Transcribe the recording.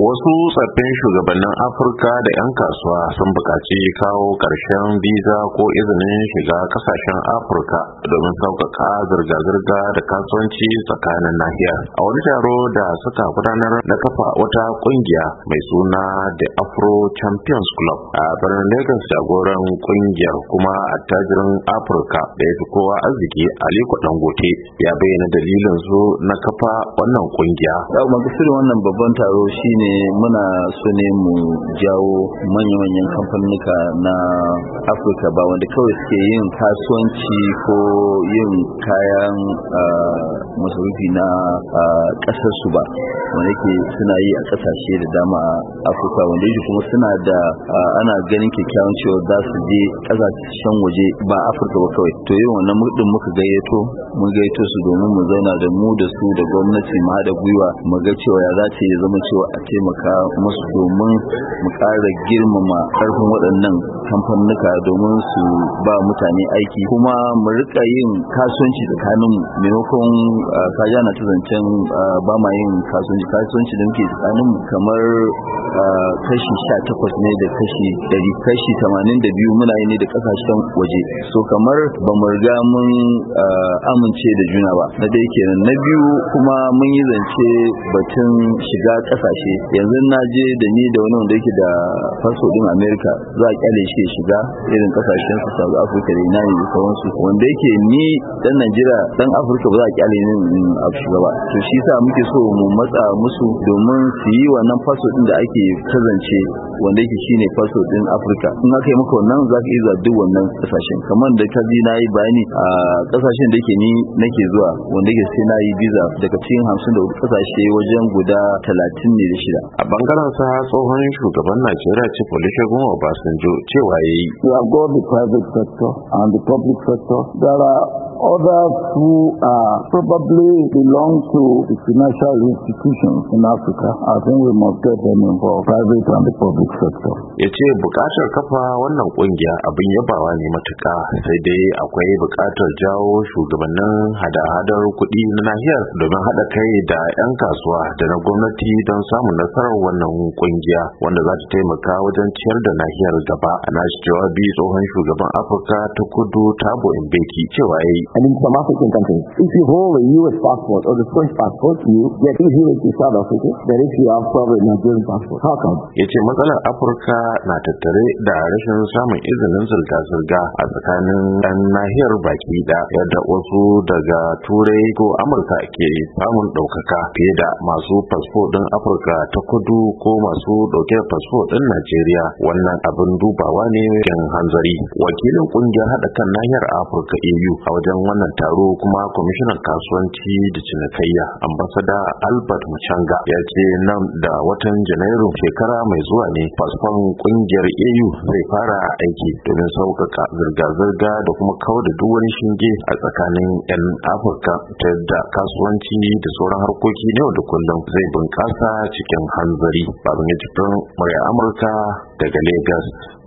wasu tsaffin shugabannin afirka da 'yan kasuwa sun buƙaci kawo ƙarshen viza ko izinin shiga ƙasashen afirka domin sauƙaƙa zirga-zirga da kasuwanci tsakanin nahiyar. a wani taro da suka gudanar na kafa wata ƙungiya mai suna the afro champions club a birnin lagos jagoran ƙungiyar kuma attajirin afirka da ya fi kowa arziki aliko dangote ya bayyana dalilin su na kafa wannan ƙungiya wannan babban taro shine muna so ne mu jawo manya-manyan kamfanuka na afirka ba wanda kawai suke yin kasuwanci ko yin kayan masarufi na ƙasarsu ba wanda ke suna yi a ƙasashe da dama a afirka wanda yake kuma suna da ana ganin kyakkyawan cewa za su je kasashen waje ba afirka ba kawai to yi wannan mudin muka gayyato mun gayyato su domin mu zauna da mu da su da gwamnati ma da gwiwa mu ga cewa ya za ce ya zama cewa a ce taimaka musu domin mu ƙara girmama ƙarfin waɗannan kamfanuka domin su ba mutane aiki kuma mu rika yin kasuwanci tsakanin maimakon ah, kaja na ta zancen ah, ba ma yin kasuwanci kasuwanci da muke tsakanin kamar ah, kashi takwas ne da kashi dari kashi biyu muna yi ne da kasashen waje so kamar ba mu riga mun amince da juna ba na dai kenan na biyu kuma mun yi zance batun shiga kasashe yanzu na je da ni da wani wanda yake da faso din america za a kyale shi shiga irin kasashen su south africa da ina da sauransu wanda yake ni dan najeriya dan afirka ba za a kyale ni a shiga ba to shi sa muke so mu matsa musu domin su yi wannan faso din da ake kazance wanda yake shine faso din afirka in aka yi maka wannan za ka iya duk wannan kasashen kamar da ka ji na yi bayani a kasashen da yake ni nake zuwa wanda yake sai na yi visa daga cikin hamsin da kasashe wajen guda talatin ne da shida Najeriya. A bangaren sa tsohon shugaban Najeriya ce wa Obasanjo cewa yayi. We have got the private sector and the public sector. There are others who are uh, probably belong to the financial institutions in Africa. I think we must get them involved, private and the public sector. Ya ce bukatar kafa wannan kungiya abin yabawa ne matuka sai dai akwai bukatar jawo shugabannin hada-hadar kuɗi na nahiyar domin haɗa kai da 'yan kasuwa da na gwamnati don samun nasarar wannan kungiya wanda za ta taimaka wajen ciyar da nahiyar gaba a nashi jawabi tsohon shugaban afirka ta kudu tabo mbeki cewa ya yi an some african countries if you hold a us passport or the french passport you get easier to south africa than if you have probably nigerian passport how come ya ce matsalar afirka na tattare da rashin samun izinin zirga-zirga a tsakanin ɗan nahiyar baki da yadda wasu daga turai ko amurka ke samun ɗaukaka fiye da masu fasfo ɗin afirka ta kudu ko masu dauke da fasfo din Najeriya wannan abin dubawa ne kin hanzari wakilin kungiyar hada kan nahiyar Afirka EU a wajen wannan taro kuma kwamishinan kasuwanci da cinikayya ambasada Albert Muchanga ya ce nan da watan Janairu shekara mai zuwa ne fasfon kungiyar EU zai fara aiki domin sauƙaƙa zirga-zirga da kuma kawar da duk wani shinge a tsakanin 'yan Afirka ta yadda kasuwanci da sauran harkoki ne da kullum zai bunƙasa cikin hanzari yi ya murya amurka daga lagos